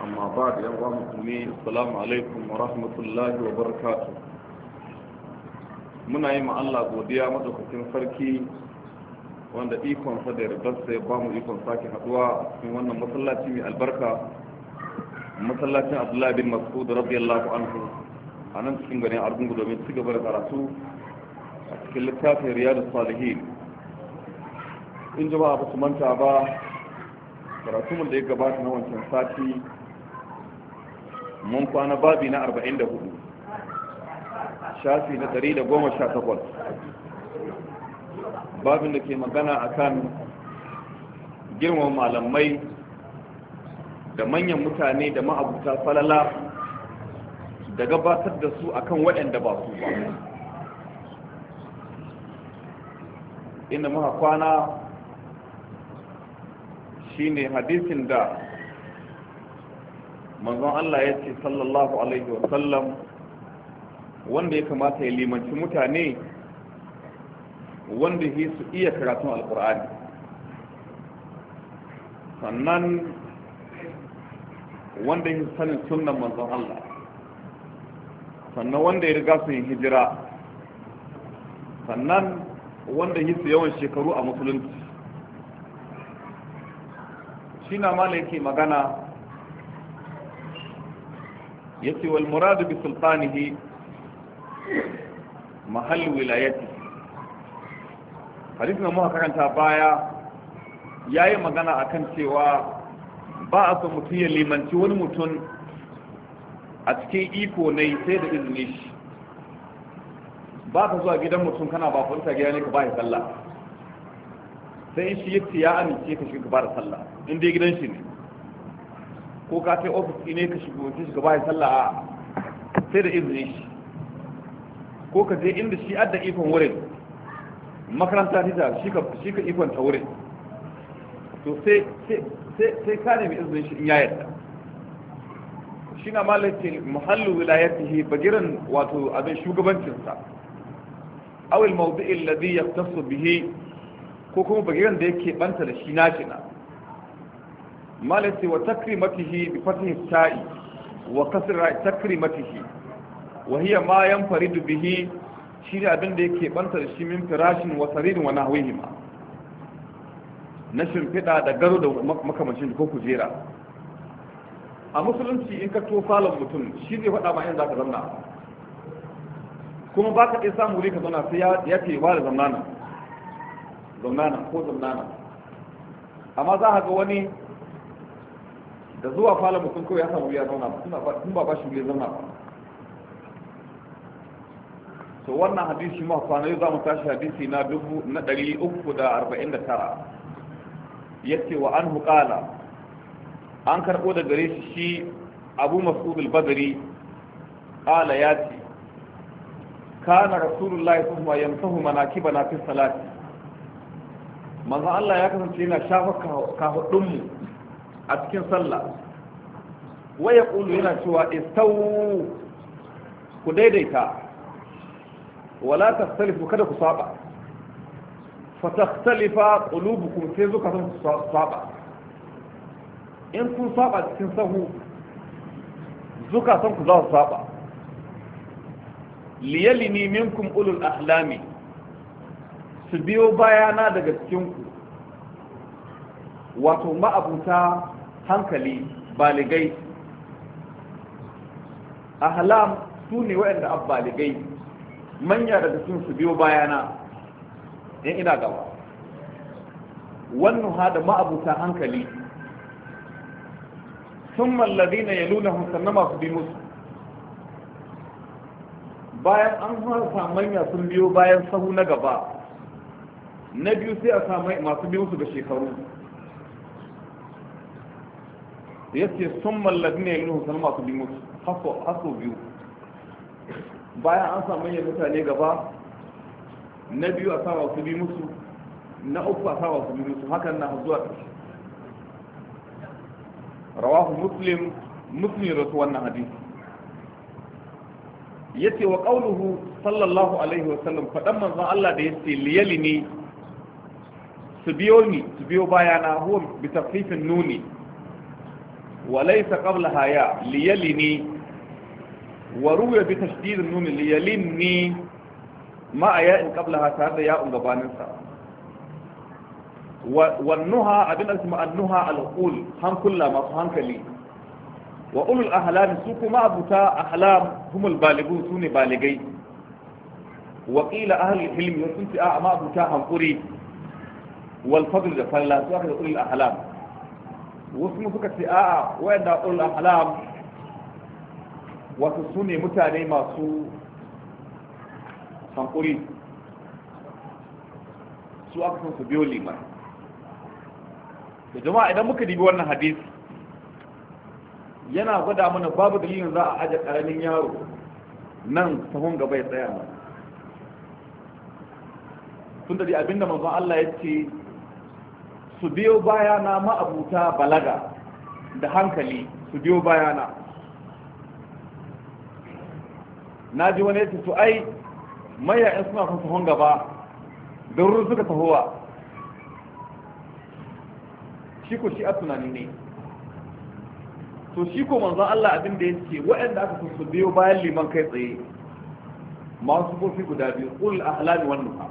amma ba da yan wa musulmi alaikum wa rahmatullahi wa barakatu muna yi Allah godiya madaukakin sarki wanda ikon sa da yardarsa ya bamu ikon sake haduwa cikin wannan masallaci mai albarka masallacin abdullahi bin mas'ud radiyallahu anhu a nan cikin garin argungu domin ci da karatu a cikin littafin riyadu salihin in jama'a ba su manta ba karatu da ya gabata na wancan sati mun kwana babi na 44 shafi na 118 babin da ke magana akan girman malamai da manyan mutane da ma'abuta falala da gabatar da su akan waɗanda ba su ba inda muka kwana shine hadisin da manzon Allah ya ce sallallahu alaihi wa sallam wanda ya kamata ya limanci mutane wanda ya su iya karatun alkur'ani sannan wanda ya sanin sunan manzon Allah sannan wanda ya riga su yin hijira sannan wanda ya su yawan shekaru a musulunci shi na ke magana Ya wal muradu bi sultanihi mahall wilayati hadisin da muka karanta baya yayi magana akan cewa ba a so mutum ya limanci wani mutum a cikin iko ne sai da izini shi ba ka zuwa gidan mutum kana ba furta gida ne ka ba shi sallah sai shi yace ya amince ka shiga ba da sallah in dai gidan shi ne ko ka kai ofis ne ka shigo wajen shiga bayan sallah a sai da izini shi ko ka je inda shi adda ikon wurin makaranta ta shi ka shi ka ikon ta wurin to sai sai sai ka nemi izinin shi in ya yarda shi na malakin muhallu wilayatihi bagiran wato abin shugabancinsa awil mawdi'il ladhi yaqtasu bihi ko kuma bagiran da yake banta da shi na malati wa takrimatihi bi fatihi ta'i wa kasra takrimatihi wa hiya ma yanfaridu bihi shine abin da yake banta da shi min firashin wa sarin wa nahwihima na shimfiɗa da garo da makamancin ko kujera a musulunci in ka to falon mutum shi zai faɗa ma in za ka zanna kuma ba ka iya samu wuri ka zauna sai ya ce ba da zamana zamnanan ko zamana. amma za ka ga wani da zuwa fala mutum kawai ya samu ya zauna sun ba ba shi wuya zauna ba to wannan hadisi ma kwanai za mu tashi hadisi na dubu na ɗari uku da arba'in da tara yace wa an hukala an karɓo da gare shi shi abu mas'ud al-badri qala ce. kana rasulullahi sallallahu alaihi wasallam yamsahu na fi salati manzo Allah ya kasance yana shafa kahudun a cikin sallah waya ƙulu yana cewa istau ku daidaita wala tastalifu kada ku saba fa tastalifa qulubukum sai zuka san saba in kun saba cikin sahu zuka san ku za su saba liyalini minkum ulul ahlami su biyo bayana daga cikinku wato ma'abuta hankali baligai ahlam su ne waɗanda abbaligai manya daga sun su biyo bayana in ina gaba wannan hada ma'abuta hankali sun mallari na yaluna sannan masu bi musu bayan an harsa manya sun biyo bayan sahu na gaba na biyu sai a samu masu bi musu ga shekaru da yake sun mallabi ne yin sun masu bin mutu haso biyu bayan an samu yin mutane gaba na biyu a sama su bi musu na uku a sama su bi musu hakan na zuwa ƙarshe rawahu muslim muslim rasu wannan hadisi ce wa ƙaunuhu sallallahu alaihi wa sallam fadan manzon Allah da ya ce liyali ne su biyo ni su biyo bayana huwa bi tafsifin nuni وليس قبلها يا ليلني وروي بتشديد النون ليلني مع ياء قبلها تهدى ياء غبانسا والنهى أبن اسمع النهى العقول هم كل ما فهمك لي وأولو الأحلام سوكو ما أبوتا أحلام هم البالغون سوني بالغي وقيل أهل الحلم يسنتي أعمى أبوتا هم قري والفضل جفال لا سوكو أولو الأحلام wasu mu suka ce a'a wayanda ulul ahlam wasu sune mutane masu hankuri su aka san su biyo liman da jama'a idan muka dibi wannan hadisi yana gwada mana babu dalilin za a aje karamin yaro nan sahun gaba ya tsaya mana tun da abinda manzon Allah ya ce su biyo bayana ma'abuta balaga da hankali su biyo bayana na ji wani yake su ai mayayin suna son su gaba don suka tahowa shi ku shi a tunani ne to shi ko manzon Allah abin da yake waɗanda aka su biyo bayan liman kai tsaye masu kofi guda biyu ul ahlami wannan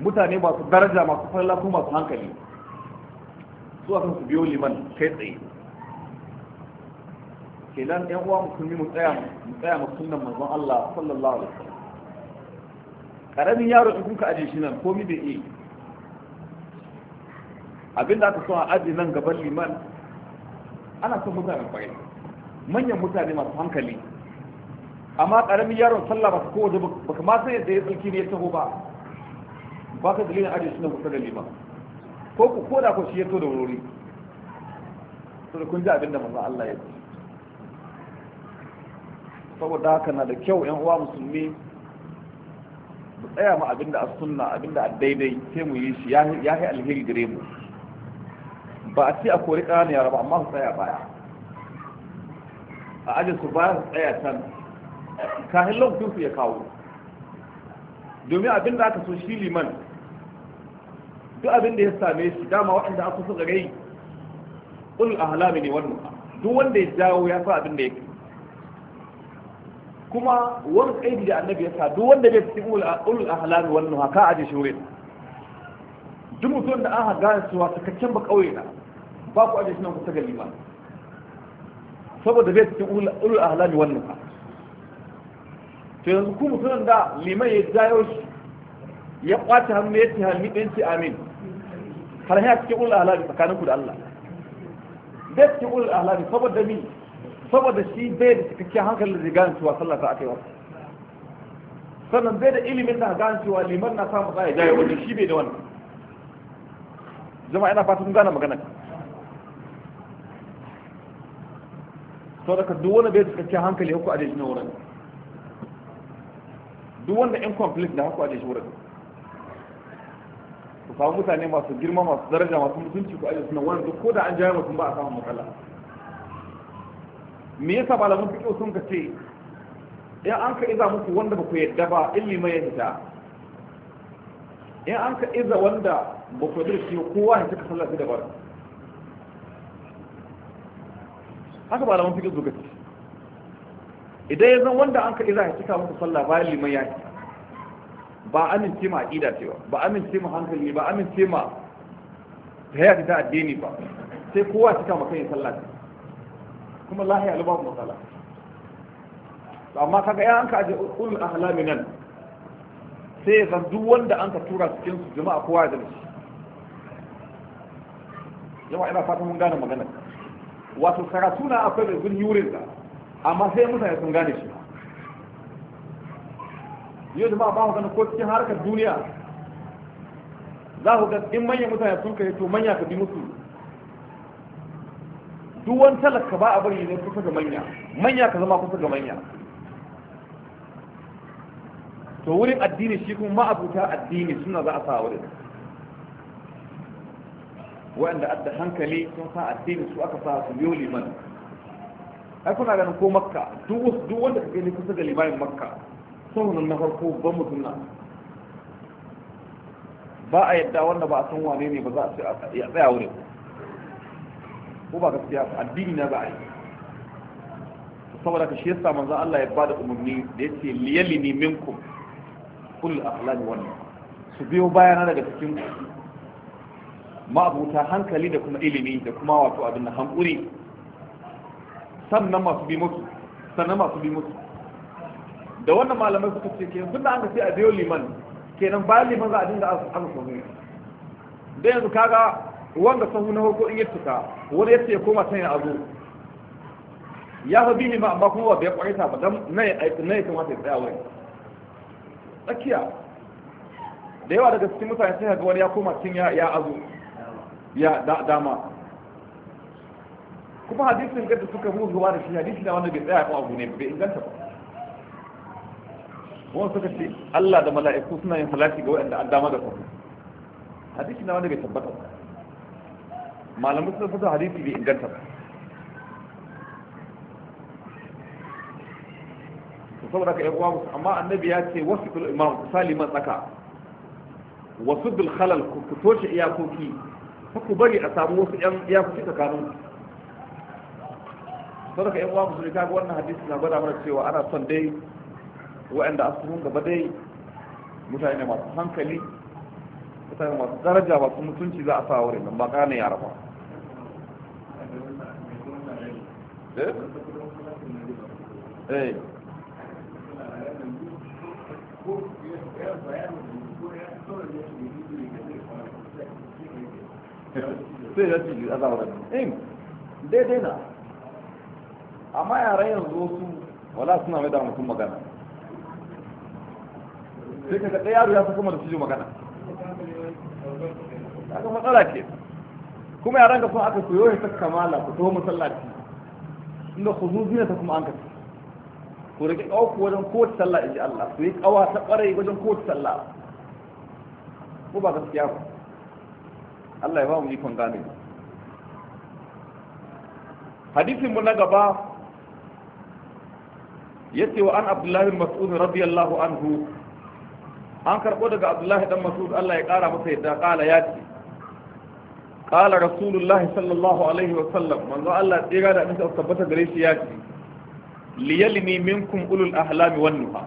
mutane masu daraja masu falla ko masu hankali su a su biyo liman kai tsaye nan yan uwa musulmi mu tsaya mu tsaya mu sunan manzon Allah sallallahu alaihi wasallam karamin yaro in kuka aje shi nan mi bai yi abinda aka so a aje nan gaban liman ana son mutane kwarai manyan mutane masu hankali amma karamin yaron sallah ba ko waje ba kamar sai da ya tsalki ne ya taho ba ba ka dalilin ajiye suna kusa da liman ko ku koda ko shi ya to da wuri to da kun ji abin da manzo Allah ya ce saboda haka na da kyau yan uwa musulmi mu tsaya mu abin da sunna abin da daidai sai mu yi shi ya yi alheri gare mu ba a ce a kori ƙananiyar ba amma su tsaya baya a ajin su baya su tsaya can kahin lokacin su ya kawo domin abin da aka so shi liman duk abin da ya same shi dama waɗanda aka su gare ul ahlami ne wannan duk wanda ya jawo ya sa abin da ya kuma wani kaidi da annabi ya sa duk wanda bai cikin ul ahlami wannan haka aje shi wurin duk mutum da aka gane cewa sakaccen ba kauye na ba ku aje shi nan kusa ga liman saboda bai cikin ul ahlami wannan to yanzu ku mutum da liman ya jawo shi ya kwace hannu ya ce hannu ɗin ce amin har ya cikin da tsakanin tsakaninku da Allah da cikin ulul da saboda mi saboda shi bai da cikakken hankali da gane cewa sallah ta aka yi sannan bai da ilimin da gane cewa liman na samu tsaye jaye wanda shi bai da wannan jama'a ina fatan gane magana sau da duk wani bai da cikakken hankali ku a daji na wurin duk wanda in conflict da haku a daji wurin samu mutane masu girma masu daraja masu mutunci ku aje suna wanda ko da an jaya mutum ba a samun matsala me yasa malamin fiƙo sun ka ce in an ka iza muku wanda ba ku yadda ba ilimi ya hita in an ka iza wanda ba ku yadda shi kowa ya cika sallah da bara haka malamin fiƙo suka ce idan ya zan wanda an ka iza ya cika muku sallah bayan liman ya hita ba amince ma aqida cewa ba amince ma hankali ba amince ma hayati ta addini ba sai kowa cika maka yin sallah kuma lahiya albabu matsala amma kaga ya an ka aje ulul ahlami nan sai ya duk wanda an ka tura cikin su jama'a kowa ya shi yawa ina fatan mun gane magana wato karatu na akwai da zun yurin amma sai mutane sun gane shi yau jama'a ba ku ganin ko cikin harkar duniya za ku ga in manyan mutane sun kai to manya ka bi musu duk wani talaka ba a bari ne kusa ga manya manya ka zama kusa ga manya to wurin addini shi kuma ma'abuta addini suna za a sa wurin wa'anda adda hankali sun sa addini su aka sa su biyo liman ai kuna ganin ko makka duk wanda ka gani kusa ga limanin makka saunin na farko ba mutum na ba a yadda wanda ba a san wane ne ba za a tsaya wurin ko ba gaskiya addini na za a yi saboda ka shi yasa manzo Allah ya bada umarni da yace liyalini minkum kul akhlaq wannan su biyo bayana daga cikin ma'abuta hankali da kuma ilimi da kuma wato abin da hankuri sannan masu bi mutu sannan masu bi mutu da wannan malamai suka ce ke tun da an ce a biyo liman kenan bayan liman za a dinga su sahu da yanzu kaga wanda sahu na farko in ya tuka wani yadda ya koma sanya ya azo ya fa bini ba amma kuma ba bai kwaita ba dan na ya kamata ya tsaya wai tsakiya da yawa daga cikin mutane sai ga wani ya koma cin ya azo ya dama kuma hadisin gadda suka mu zuwa da shi hadisi na wanda bai tsaya ko abu ne bai inganta ba Kuma suka ce Allah da mala'iku suna yin salati ga waɗanda an dama da kuma hadisi na wani bai tabbata ba malamu suna fasa hadisi bai inganta ba saboda ka yawa musu amma annabi ya ce wasu bil imam saliman tsaka wasu bil ku toshe iyakoki ku bari a samu wasu yan iyakoki tsakanin saboda ka yawa musu ne kaga wannan hadisi na gwada mana cewa ana son dai wa'anda a sun gaba dai mutane masu hankali mutane masu daraja masu mutunci za a sa wurin nan ba ƙane yara ba eh? Eh. sai ya ci a zauren in daidai na amma yaran yanzu wasu wala suna mai da mutum magana sai ka kaɗa yaro ya fi kuma da su magana kaga matsala ke kuma yaran ka sun aka koyo ya ta kamala ku taho masallaci inda ku zuzina ta kuma an ka ku rage kawo wajen kowace sallah in ji Allah ku yi kawa ta ƙwarai wajen kowace sallah ko ba gaskiya ba Allah ya ba mu ikon gane hadisin mu na gaba yace wa an Abdullahi Mas'ud radiyallahu anhu an karɓo daga abdullahi dan masud Allah ya ƙara masa yadda ƙala ya ce ƙala rasulullahi sallallahu alaihi wa sallam manzo Allah tsira da abinci tabbata gare shi ya ce liyalimi minkum ulul ahlami wan nuha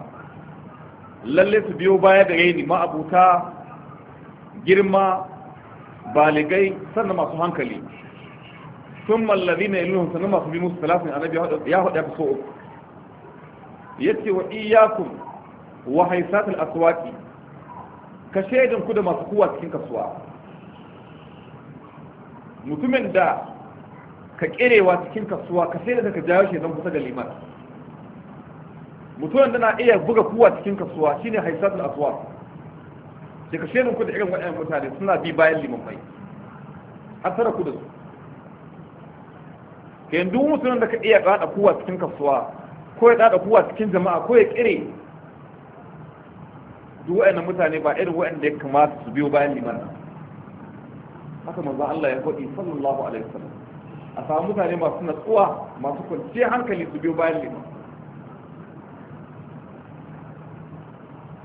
lalle su biyo baya gare ni ma'abuta girma baligai sannan masu hankali sun mallabi na iluhun sannan masu bi musu talafin annabi ya haɗa ka so uku yace wa iyyakum wa haisatul aswaki. ka shaidan ku da masu kuwa cikin kasuwa mutumin da ka kirewa cikin kasuwa ka shaidan ka jawo shi zan kusa da liman mutumin da na iya buga kuwa cikin kasuwa shine haisatul asuwa. sai ka shaidan ku da irin waɗannan mutane suna bi bayan liman mai asara ku da su yanzu mutumin da ka iya kada kuwa cikin kasuwa ko ya kada kuwa cikin jama'a ko ya kire duk wa'annan mutane ba irin wa'anda ya kamata su biyo bayan liman haka manzo Allah ya faɗi sallallahu alaihi wasallam a samu mutane masu natsuwa masu kwanciyar hankali su biyo bayan liman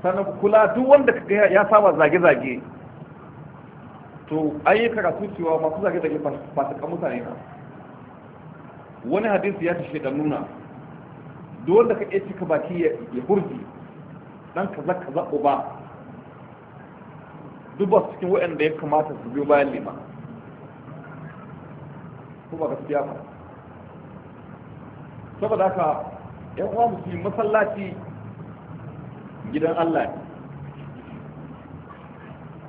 sannan kula duk wanda ya saba zage-zage to an yi karatu cewa masu zage-zage ba su kan mutane na wani hadisi ya tashe da nuna duk wanda ka iya cika baki ya hurji dan kaza kaza uba ba cikin waɗanda ya kamata su biyo bayan lima ba gaskiya ba saboda haka yan uwa musulmi masallaci gidan Allah ne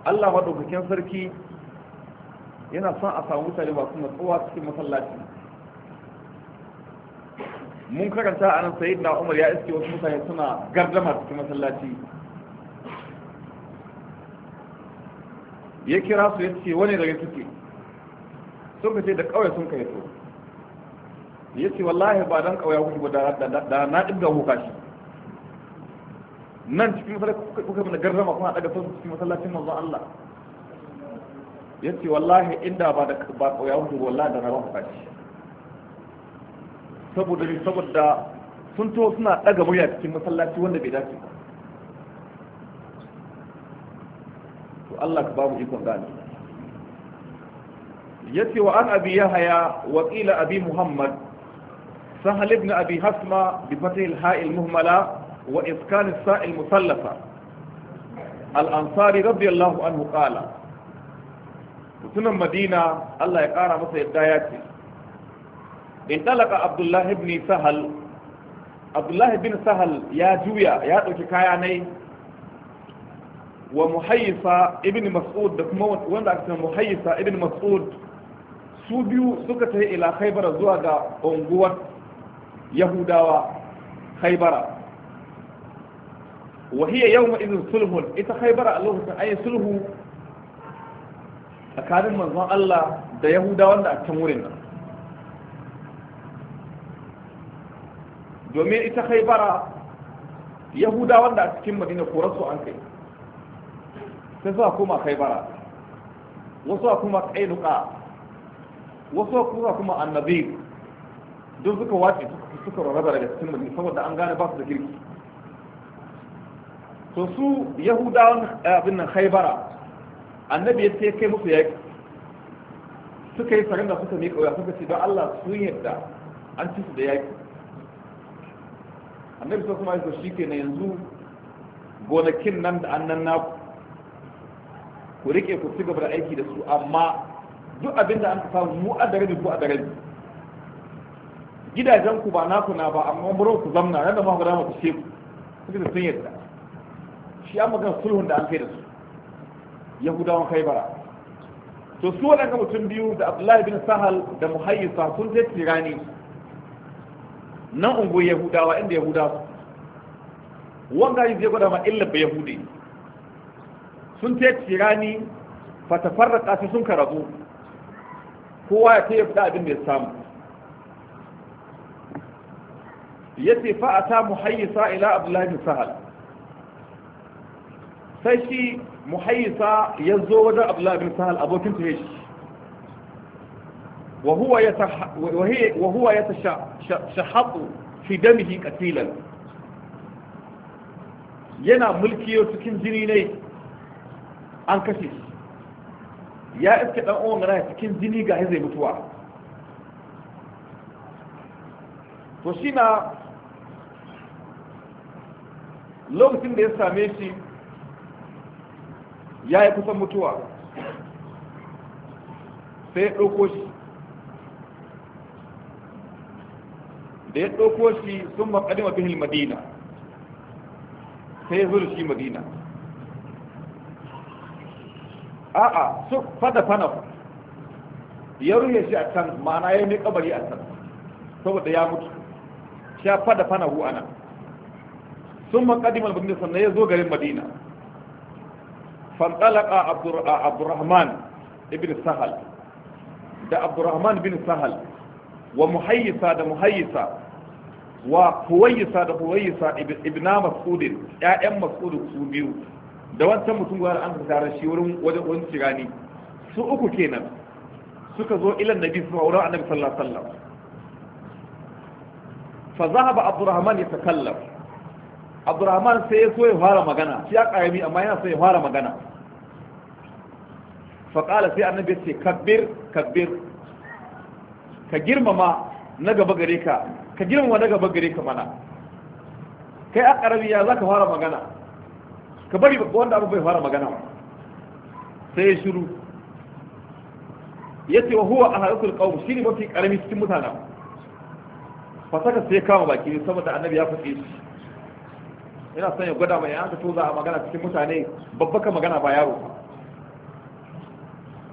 Allah maɗaukakin sarki yana son a samu mutane masu natsuwa cikin masallaci mun karanta a nan sayid na umar ya iske wasu mutane suna gardama cikin masallaci ya kira su ya ce wani daga suke sun ka ce da kawai sun kai to ya ce wallahi ba don kawai kuke da na ɗin ga hukashi nan cikin masallaci kuka mana gardama kuma daga sun cikin masallacin manzon Allah ya ce wallahi inda ba da ba kawai kuke wallahi da na ba hukashi saboda saboda sun to suna ɗaga murya cikin masallaci wanda bai dace ba to Allah ka babu ikon gane yace wa an abi yahya wa qila abi muhammad sahal ibn abi hasma bi fath al muhmala wa iskan al sa musallafa al ansari radiyallahu anhu qala mutumin madina Allah ya kara masa yadda ya ce intalaka abdullahi ibn sahal abdullahi bin sahal ya juya ya dauki kaya nai wa muhayyisa ibn mas'ud da kuma wanda aka ce muhayyisa ibn mas'ud su biyu suka tafi ila khaybara zuwa ga unguwar yahudawa khaybara wa hiya yawma idhin sulhun ita khaybara a lokacin ayi sulhu tsakanin manzon Allah da yahudawa da a can wurin nan domin ita haibara yahuda wanda a cikin madina korarsu an kai sai kuma koma haibara wasu a kuma kainuka wasu kuma kuma annabi don suka wace suka rarraba daga cikin madina saboda an gane ba su da kirki to su yahudawan eh, abin nan haibara annabi ya ce kai musu yaki suka yi da suka miƙa wuya suka ce don allah sun yadda an ci su da yaki annabi sai kuma yasa shi na yanzu gonakin nan da annan naku ku rike ku ci gaba da aiki da su amma duk abinda an fasa mu a darabi ko a darabi gidajen ku ba naku na ba amma burin ku zamna nan da ma guda ku ce ku suka sun yadda shi an magana sulhun da an kai da su yahudawan khaibara to su waɗanda mutum biyu da abdullahi bin sahal da muhayyisa sun je tirani nan ungo yahudawa inda yahudawa wanga yi zai gwada ma illa ba yahudi sun ta tirani da kasu sun karabu kowa ya ce ya fita abin da ya samu ya ce fa'ata muhayyisa ila abdullahi sahal sai shi muhayyisa ya zo wajen abdullahi sahal abokin tuhe shi وهو يتح وهي وهو يتشحط في دمه قتيلا yana mulkiyo cikin jini ne an kashe ya iske dan uwan raya cikin jini ga zai mutuwa to shi na lokacin da ya same shi ya yi kusan mutuwa sai ya ɗauko shi da ya ɗauko shi sun maƙadima bihil madina sai ya zo da shi madina a'a su fada fana ya ruhe shi a can ma'ana ya yi kabari a can saboda ya mutu sha fada fana hu ana sun maƙadima madina sannan ya zo garin madina fantalaka abdurrahman ibn sahal da abdurrahman bin sahal wa muhayyisa da muhayyisa wa huwayisa da huwayisa ibna mas'udin ƴaƴan mas'ud su biyu da wancan mutum da an tare shi wurin wajen wani tirani su uku kenan suka zo ilan nabi su wurin annabi sallallahu alaihi wasallam fa zahaba abdurrahman yatakallam abdurrahman sai ya so ya fara magana shi ya karami amma yana so ya fara magana fa qala sai annabi ya ce kabbir kabbir ka girmama na gaba gare ka ka girmama na gaba gare ka mana kai a ƙarami ya za ka fara magana ka bari wanda abu bai fara magana sai ya shiru ya ce wa huwa a haɗukul ƙaun shi ne mafi ƙarami cikin mutanen fasaka sai kama baki saboda annabi ya faɗi shi ina son ya gwada mai yanka toza a magana cikin mutane babba ka magana ba yaro ba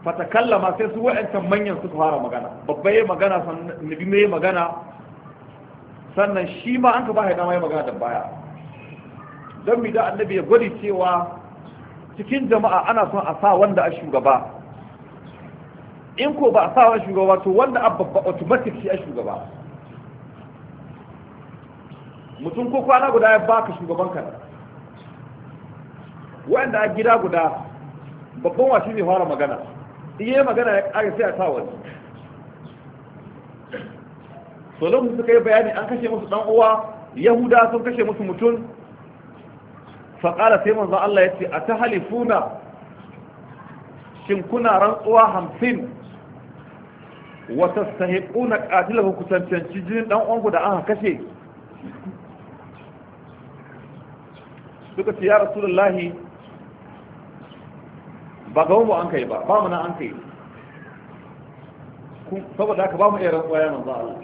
fatakallama sai su wa'ancan manyan suka fara magana babba ya magana sannan nabi ya magana sannan shi ma an ka ba ya dama ya magana da baya don mi da annabi ya gwadi cewa cikin jama'a ana son a sa wanda a shugaba in ko ba a sa wani shugaba to wanda a babba automatic shi a shugaba mutum ko kwana guda ya baka shugaban ka wanda a gida guda babban wasu ne fara magana iya magana ya kare sai a sa wani so lokacin suka yi bayani an kashe musu dan uwa yahuda sun kashe musu mutum faƙala sai manzan Allah ya ce a ta halifuna shin kuna rantsuwa hamsin wata sahiƙuna ƙatilar ku cancanci jinin ɗan uwanku da aka kashe suka ce ya rasulullahi ba ga mu an kai ba ba mu na an kai saboda haka ba mu iya rantsuwa ya manzo Allah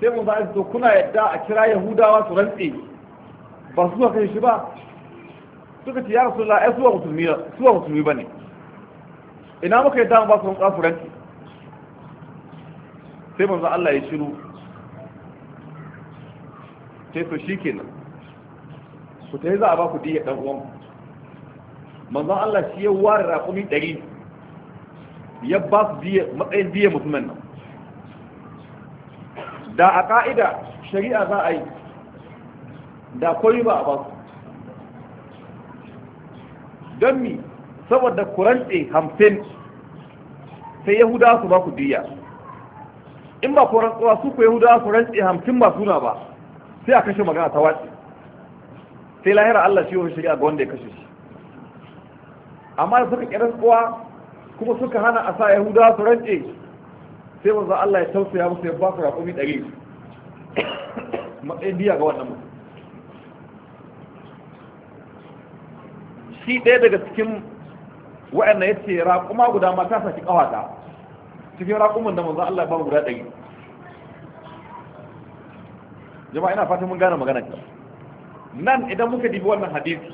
sai mun zai to kuna yadda a kira yahudawa su rantse ba su kai shi ba suka ce ya rasulullah ai suwa musulmi suwa musulmi bane ina muka yadda ba su rantsa su rantse sai manzo Allah ya shiru sai to shikenan ku tayi za a ba ku diya dan uwanku manzan Allah shi ya ware raƙumi ɗari ya ba su matsayin biya musulman nan da a ƙa'ida shari'a za a yi da koyi ba a ba su don mi saboda kurance hamsin sai yahuda su ba ku diya in ba ku rantsuwa su ku yahuda su rantse hamsin ba suna ba sai a kashe magana ta wace. sai lahira Allah shi yau shari'a ga wanda ya kashe shi amma da suka kiran kowa kuma suka hana a sa yahuda su rance sai wanzu Allah ya tausaya musu ya ba su raƙumi ɗari matsayin biya ga wannan mutum shi ɗaya daga cikin wa'anda ya ce raƙuma guda ma ta saki ƙawata cikin raƙumin da wanzu Allah ya ba guda ɗari jama'a ina fatan mun gane magana nan idan muka dibi wannan hadisi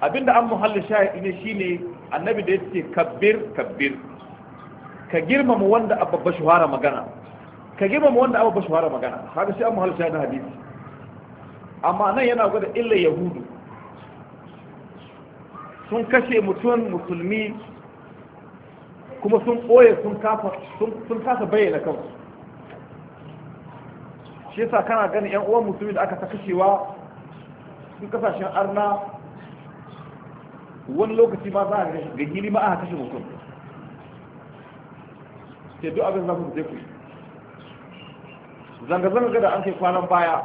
abinda an muhalli shahidi ne shine annabi da yace kabbir kabbir ka girmama wanda abba shuhara magana ka girmama wanda abba shuhara magana haka sai an muhalli shahidi hadisi amma nan yana gwada illa yahudu sun kashe mutum musulmi kuma sun ɓoye sun kasa bayyana kansu shi yasa kana ganin yan uwan musulmi da aka ta kashewa sun kasashen arna wani lokaci ma za a ga gini ma aka kashe mutum sai duk abin zafin zai ku zanga-zanga da an kai kwanan baya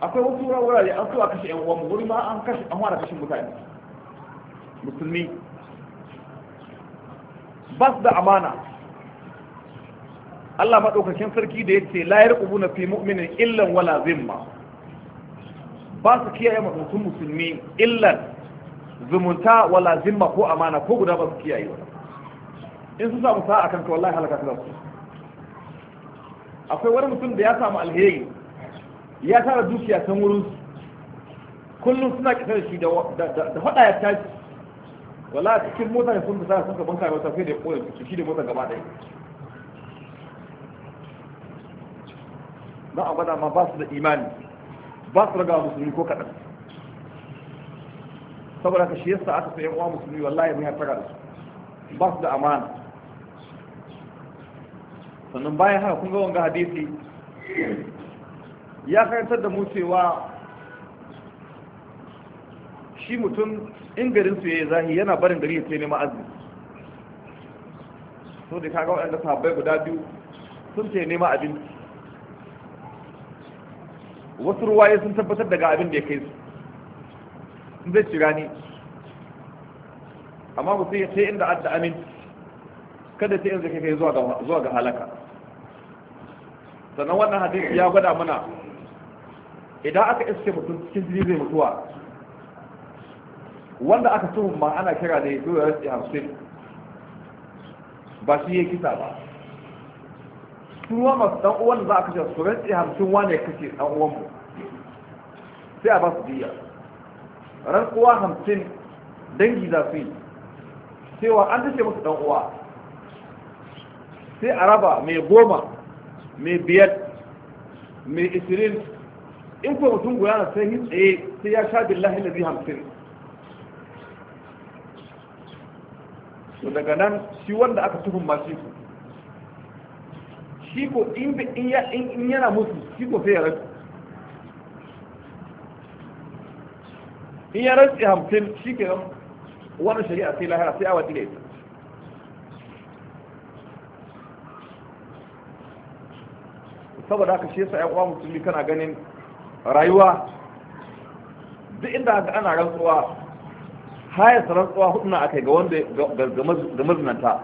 akwai wasu wurare an so a kashe yan uwan wuri ma an kashe an wara kashe mutane musulmi ba su da amana Allah maɗaukakin sarki da ya ce layar ƙubu na fi mu'minin illan wala zimma ba su kiyaye mutum musulmi illan zumunta wala zimma ko amana ko guda ba su kiyaye ba in sun samu sa'a kan ka wallahi halaka ta su akwai wani mutum da ya samu alheri ya tara dukiya san wurin su kullum suna da shi da hada ya tashi wala cikin mota ne sun da sa sun ka banka wata sai da ya koya shi da mota gaba ɗaya na a gwada ma ba su da imani ba su raga musulmi ko kaɗan saboda ka shi yasa aka sayan uwa musulmi wallahi mun haifar da su ba su da amana sannan bayan haka kun ga wanga hadisi ya karantar da mu cewa shi mutum in garin su yayi zahi yana barin gari ya sai neman azumi so da kaga waɗanda sahabbai guda biyu sun ce nema abinci wasu ruwaye sun tabbatar daga abin da ya kai su zai shiga ni amma ku ya ce inda adda amin. kada ce inda kai zuwa ga halaka sannan wannan hadisi ya gwada mana idan aka iske mutum cikin jini zai mutuwa wanda aka tuhum ma ana kira ne zuwa rasi hamsin ba shi ya kisa ba suwa masu dan uwan da za a kashe su rasi hamsin wane kashe dan uwan mu sai a ba su biya Ran kowa hamsin dangi zafi cewa an tace musu dan uwa sai a raba mai goma mai biyar mai isirin in kuma mutum na sai yi tsaye sai ya sha billahi biyu hamsin to daga nan shi wanda aka tuhun ma shi ko shi ko in yana musu shi ko sai ya rasu in ya rantsi hamsin shi ke nan wani shari'a sai lahira sai awa tila ita saboda haka shi yasa ƴan uwa musulmi kana ganin rayuwa duk inda haka ana rantsuwa hayar rantsuwa hudu na akai ga wanda ga mazinanta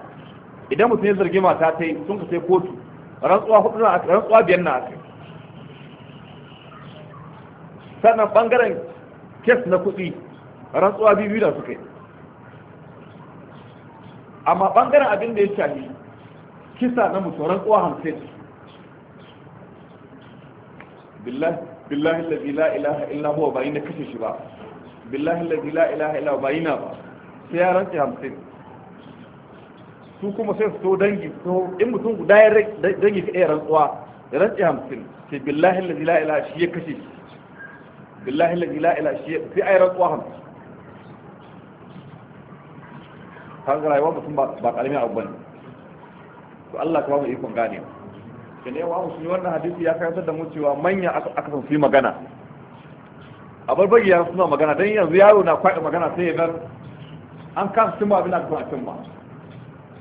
idan mutum ya zargi mata ta yi sun ka sai kotu rantsuwa hudu na akai rantsuwa biyar na akai sannan bangaren kes na kuɗi rantsuwa biyu da suka yi amma ɓangaren abin da ya shafi kisa na mutu rantsuwa hamsin billahi lazi la ilaha illa huwa bayi na kashe shi ba billahi lazi la ilaha illa bayi na ba sai ya rantsi hamsin su kuma sai su to dangi so in mutum guda ya dangi ka iya rantsuwa ya rantsi hamsin sai billahi lazi la ilaha shi ya kashe shi بالله الذي لا illa shi sai ai rantsuwa hamsin kaga rayuwar mutum ba بقى abu bane to Allah ka ba mu ikon gane ke ne wa musulmi wannan hadisi ya karantar da mu manya aka san su yi magana a barbagi ya suna magana don yanzu yaro na magana sai ya bar an kasa cimma abin da cimma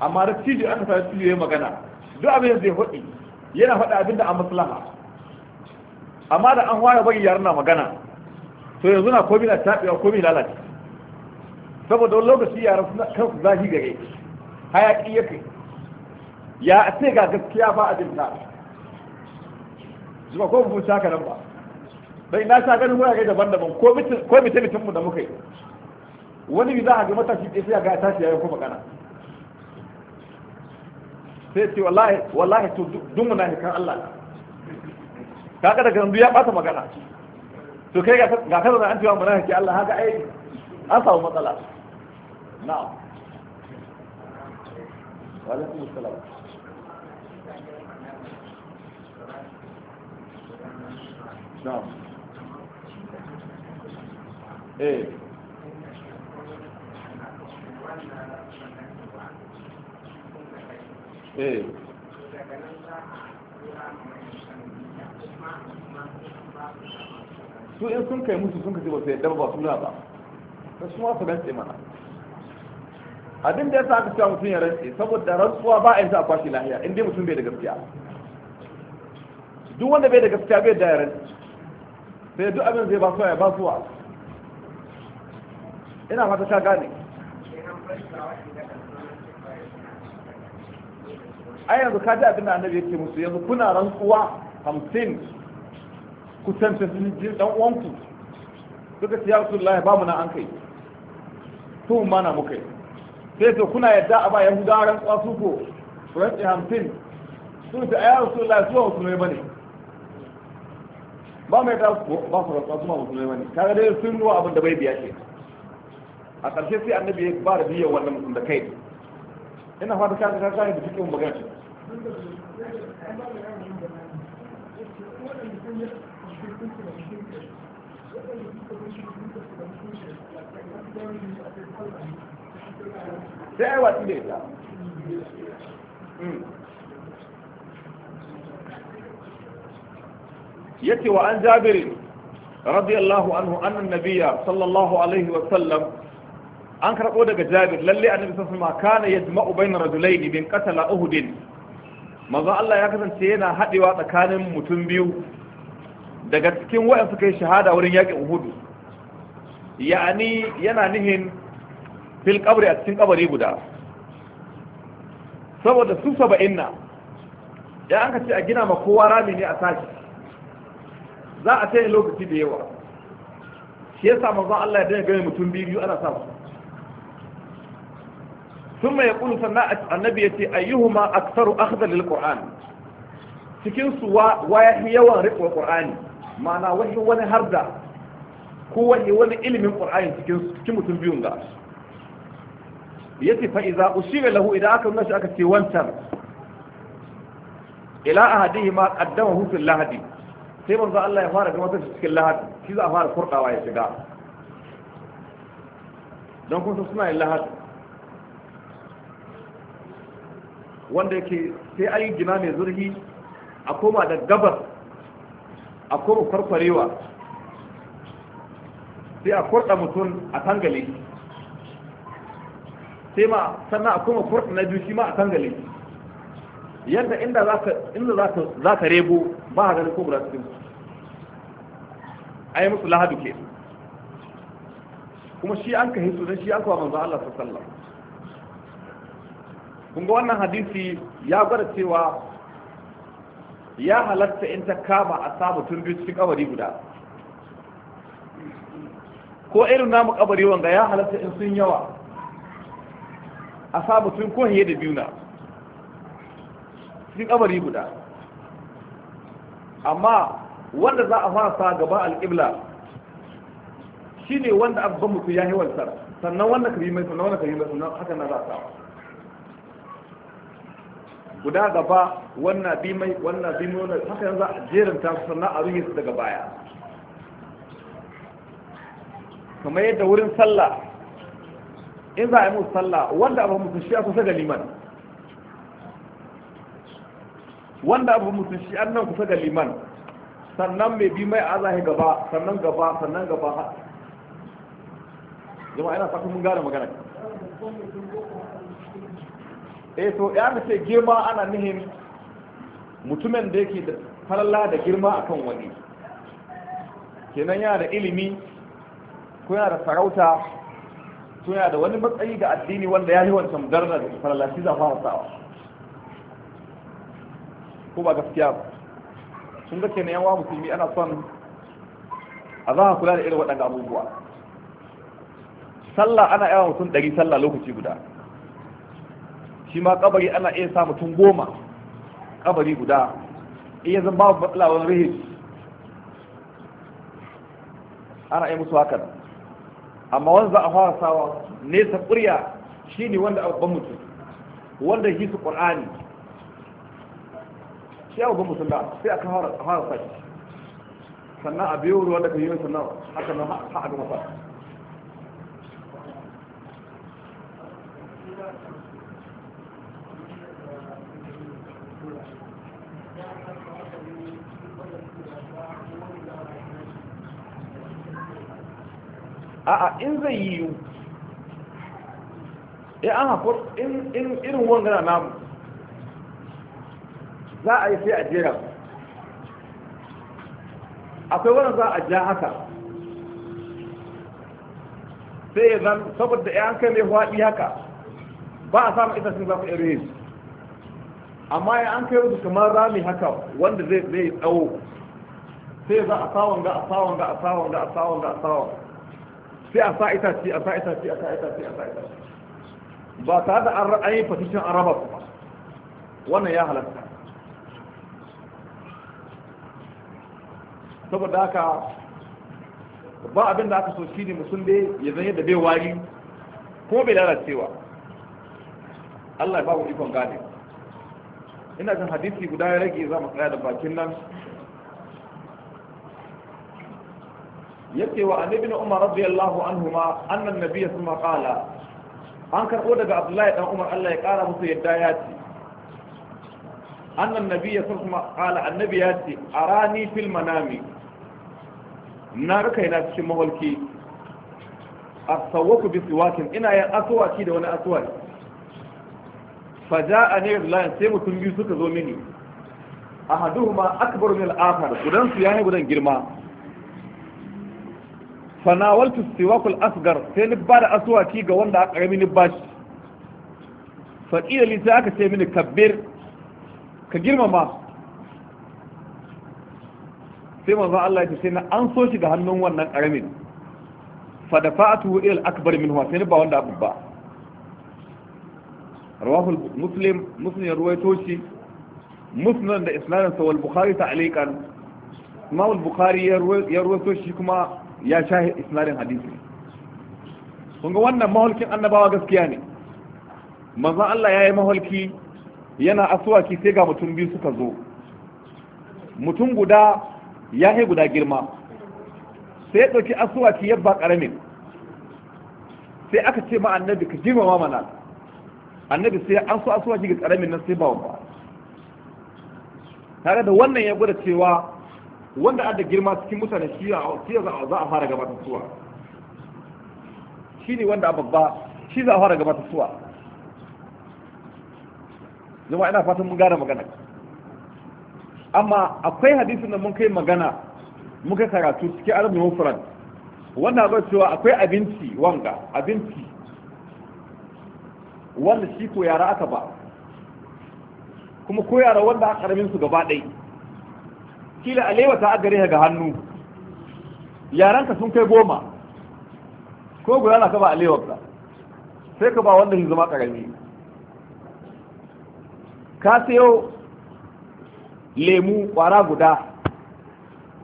amma da magana duk abin da zai yana faɗa abin da maslaha amma da an ware bayyana na magana to yanzu na komi na taɓewa komi lalace saboda wani lokaci yara suna kansu zahi gare hayaƙi ya kai ya a ce ga gaskiya ba a jin ta zuwa ko mu saka nan ba bai na sa ganin gai daban-daban ko mitin ko mu da muka yi wani bi za a ga matashi ɗaya sai ga tashi yayin kuma kana sai ce wallahi wallahi to dun muna hikan Allah ka daga nan ya bata magana to kai ga kada da an cewa mana hakki Allah haka ai an samu matsala na'am wa alaikum assalam na'am eh eh su in sun kai musu sun kace ba su yadda ba suna ba ta su ma su rantse mana abin da sa aka cewa mutum ya rantse saboda rantsuwa ba a yanzu a kwashe lahiya in dai mutum bai da gaskiya duk wanda bai da gaskiya bai da yaran sai duk abin zai ba su ya ba suwa ina fata ta gane ai yanzu ka ji abin da annabi yake musu yanzu kuna rantsuwa hamsin ku tantance jin dan uwanku suka ce ya rasulullahi ba mu na an kai to ma na kai. sai to kuna yadda a ba yahudawa ran kwasu ko rantsi hamsin sun ce a ya rasulullahi suwa musulmai bane ba mai ta ba su rantsa su ma ne. bane kaga dai sun ruwa abin da bai biya ke a ƙarshe sai annabi ya ba da biyan wannan mutum da kai ina fata ka ka gane da cikin magana sai ai watsi da ita hmm. yace wa an jabir radiyallahu anhu annan nabiyya sallallahu alaihi wa sallam an karɓo daga jabir lalle annabi sallallahu alaihi wa sallam kana yajma'u bayna rajulayn bin qatala uhud manzo Allah ya kasance yana haɗewa tsakanin mutum biyu daga cikin waɗanda suka yi shahada wurin yakin uhudu ya'ani yana nihin fil kabri a cikin kabari guda saboda su saba'in na ya an ka ce a gina ma kowa rami ne a sashi za a ta lokaci da yawa shi ya sa manzon Allah ya dinga gani mutum biyu ana sa su ثم يقول سنة النبي ma aksaru أخذا للقرآن cikin su wa ya fi yawan riƙe wa ma'ana wani wani harda ko wahi wani ilimin qur'ani cikin cikin mutum biyun ga yace fa idza usira lahu idan aka nuna shi aka ce wancan ila ahadihi ma qaddamahu fil lahadi sai manzo Allah ya fara gama shi cikin lahadi shi za a fara furdawa ya shiga don kun suna yin lahadi wanda yake sai ayi jina gina mai zurfi a koma da gabar. a kuma kwarkwarewa sai a kurɗa mutum a tangale sai ma sannan a kuma kurɗa na biyu shi ma a tangale yadda inda za ka rebo ba a ganin kuma rasu a yi musu lahadu ke kuma shi an ka hisu don shi an kawo manzo Allah sallallahu kun ga wannan hadisi ya gwada cewa ya halatta in ta kama a samu turbi cikin kabari guda ko irin namu kabari wanga ya halatta in sun yawa a samu tun ko da biyu na cikin kabari guda amma wanda za a fasa gaba alƙibla shine wanda abban mutu ya yi hewar sannan wanda karimi mai sannan wanda karimi mai sannan haka na za a samu guda gaba wannan bi mai wannan bi mai wannan haka yanzu a jerin ta sannan a ruhin su daga baya kuma yadda wurin sallah in za a yi musu sallah wanda abu musu shi a kusa ga liman wanda abu musu shi an nan kusa ga liman sannan mai bi mai azahi gaba sannan gaba sannan gaba jama'a yana sakon mun gane magana eh to ya mace girma ana nihin mutumin da yake da falalla da girma akan wani kenan yana da ilimi ko yana da sarauta ko yana da wani matsayi ga addini wanda ya yi wancan darna da falalla shi zafa sawa ko ba gaskiya ba sun ga kenan yawa musulmi ana son a za kula da irin waɗanda abubuwa sallah ana yawa mutum ɗari sallah lokaci guda shi ma kabari ana iya sa mutum goma kabari guda iya zan ba matsala wani rihis ana iya musu hakan amma wanda za a fara sawa nesa ƙurya shi ne wanda a babban mutum wanda shi su ƙur'ani shi a babban mutum da sai aka fara sa shi sannan a biyu ruwa daga yi sannan haka nan haka masa a'a in zai yi yiwu ya eh, an haƙur in irin wangana namu za a yi sai a jera akwai wani za a ja haka sai ya zan saboda ya kai mai faɗi haka ba a samun isa sun ku irin amma ya an kai wasu kamar rami haka wanda zai tsawo sai za a sawon ga a sawon ga a sawon ga a sawon ga a sawon sai a sa itace a sa itace a sa itace a sa itace ba tare da an ra'ayi fasishin an raba su ba. wannan ya halatta saboda haka ba abin da aka so ne mutum dai ya zan yadda bai wari ko bai lalacewa Allah ya ba mu ikon gane ina jin hadisi guda ya rage za mu tsaya da bakin nan yake wa Annabi na umar radiyallahu anhuma annan ya kuma qala an karbo daga abdullahi dan umar Allah ya kara musu yadda ya ce annan nabiy kuma qala annabi ya ce arani fil manami na ga kaina cikin maholki asawwaku bi siwakin ina yan asuwaki da wani aswaki faja'ani abdullahi sai mutum biyu suka zo mini ma akbar min al-akhar gudan su gudan girma fanawaltu siwakul asgar sai ni bada asuwaki ga wanda aka rami ni bashi fa ila sai aka ce mini kabbir ka girmama sai manzo Allah ya ce sai na an so shi ga hannun wannan karamin fa dafa'atuhu ila al-akbar huwa sai ni ba wanda abu ba rawahu muslim muslim ya ruwaito shi musnan da isnadin sa wal bukhari ta'liqan ma wal bukhari ya ruwaito shi kuma ya shahi isnadin hadisi kun ga wannan maholkin annabawa gaskiya ne manzo Allah ya yi maholki yana asuwaki sai ga mutum biyu suka zo mutum guda ya yi guda girma sai ya ɗauki asuwaki ki ba ƙaramin sai aka ce ma annabi ka girmama mana annabi sai an so asuwaki ga ƙaramin nan sai ba wa ba tare da wannan ya gwada cewa wanda adda girma cikin mutane shi ya za a fara gabatar suwa shi ne wanda babba shi za a fara gabatar suwa zama ina fatan mun gane magana amma akwai hadisin da mun kai magana muka karatu cikin arabin mufrad wanda zai cewa akwai abinci wanga abinci wanda shi ko yara aka ba kuma ko yara wanda a karamin su gaba ɗaya kila lewata ta gare ga hannu yaranka sun kai goma ko guda na kaba a lewata sai ka ba wanda zama karami ka sayo lemu kwara guda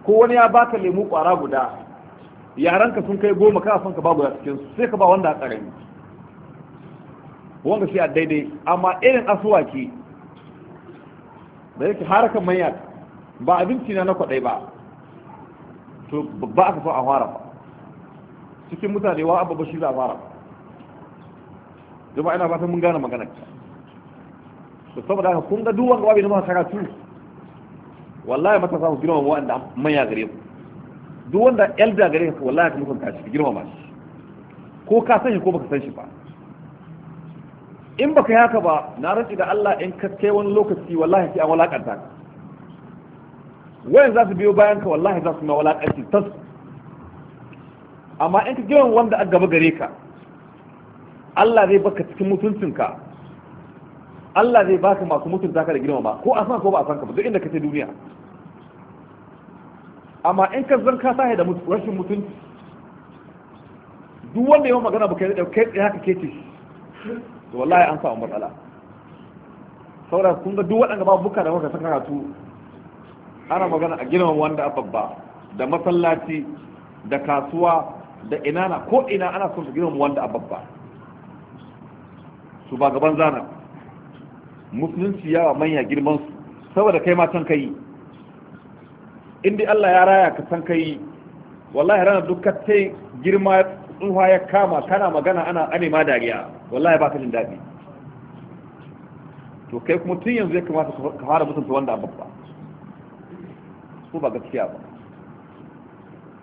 ko wani ya baka lemu kwara guda yaranka sun kai goma kawai son ka ba guda cikin sai ka ba wanda a karami wanda sai a daidai amma irin asuwaki da yake harakan manya ba abinci na na kwaɗai ba to ba aka so a fara ba cikin mutane wa abu shi za a fara jama'a ina fatan mun gane magana ka to saboda haka kun ga duwan gaba bai zama karatu wallahi mata samu girma mu wanda manya gare ku duk wanda elda gare ku wallahi ka mutunta shi girma ma shi ko ka san shi ko baka san shi ba in baka yaka ba na rantsi da Allah in ka kai wani lokaci wallahi sai an walakanta ka wayan za su biyo bayan ka wallahi za su ma walakanci tas amma in ka gina wanda a gaba gare ka Allah zai baka cikin mutuncinka Allah zai baka masu mutunta ka da girmama ko a san ko ba a san ka ba duk inda ka ce duniya amma in ka zan ka sahi da rashin mutunci duk wanda ya magana ba kai da kai tsaya haka ke ce to wallahi an samu matsala sauran kun ga duk waɗanda babu buka da maka saka karatu ana magana a gina wanda babba da masallaci da kasuwa da inana ko ina ana son su gina wanda babba su ba gaban zana musulunci yawa manya girman su saboda kai ma can kai inda Allah ya raya ka san kai wallahi ranar duk kai girma tsuha ya kama kana magana ana anima dariya wallahi ba ka jin daɗi to kai kuma tun yanzu ya kamata ka fara mutunta wanda babba ko ba gaskiya ba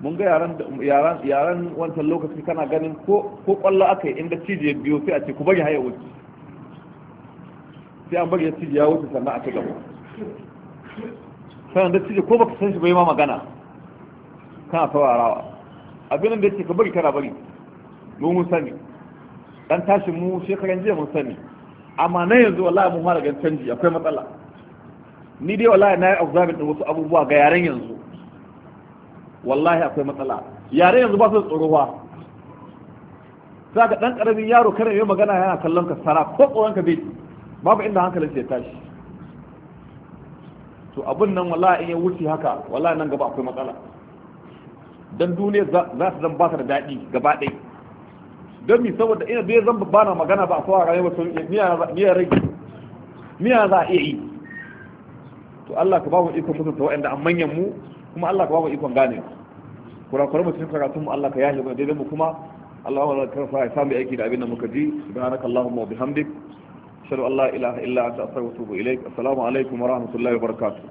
mun ga yaran wancan lokaci kana ganin ko kwallo aka yi inda cijiyar biyu sai a ce ku bari haya wuce sai an bari ya cijiya wuce sannan a ci gaba sannan da cijiyar ko baka san shi bai ma magana kana saurarawa abin da ya ce ka bari kana bari mu mun sani dan tashin mu shekaran jiya mun sani amma na yanzu wallahi mun fara ganin canji akwai matsala ni dai wallahi na yi observing da wasu abubuwa ga yaren yanzu wallahi akwai matsala yaren yanzu ba su tsoruwa za ka ɗan ƙaramin yaro kada mai magana yana kallon ka sara ko tsoron ka bai babu inda hankalin ya tashi to abun nan wallahi in ya wuce haka wallahi nan gaba akwai matsala dan duniya za su zan ba ta da daɗi gaba ɗaya don mi saboda ina bai zan ba na magana ba a kowa rayuwa sun miya rage miya za a iya yi to Allah ka ba mu ikon mutunta waɗanda an manyan mu kuma Allah ka ba mu ikon gane kurakurai mu cikin karatun mu Allah ka yaje mu daidai mu kuma Allah wa karfa ya samu aiki da abin da muka ji subhanaka allahumma wa bihamdik ashhadu an la ilaha illa anta astaghfiruka wa atubu ilaik assalamu alaikum wa rahmatullahi wa barakatuh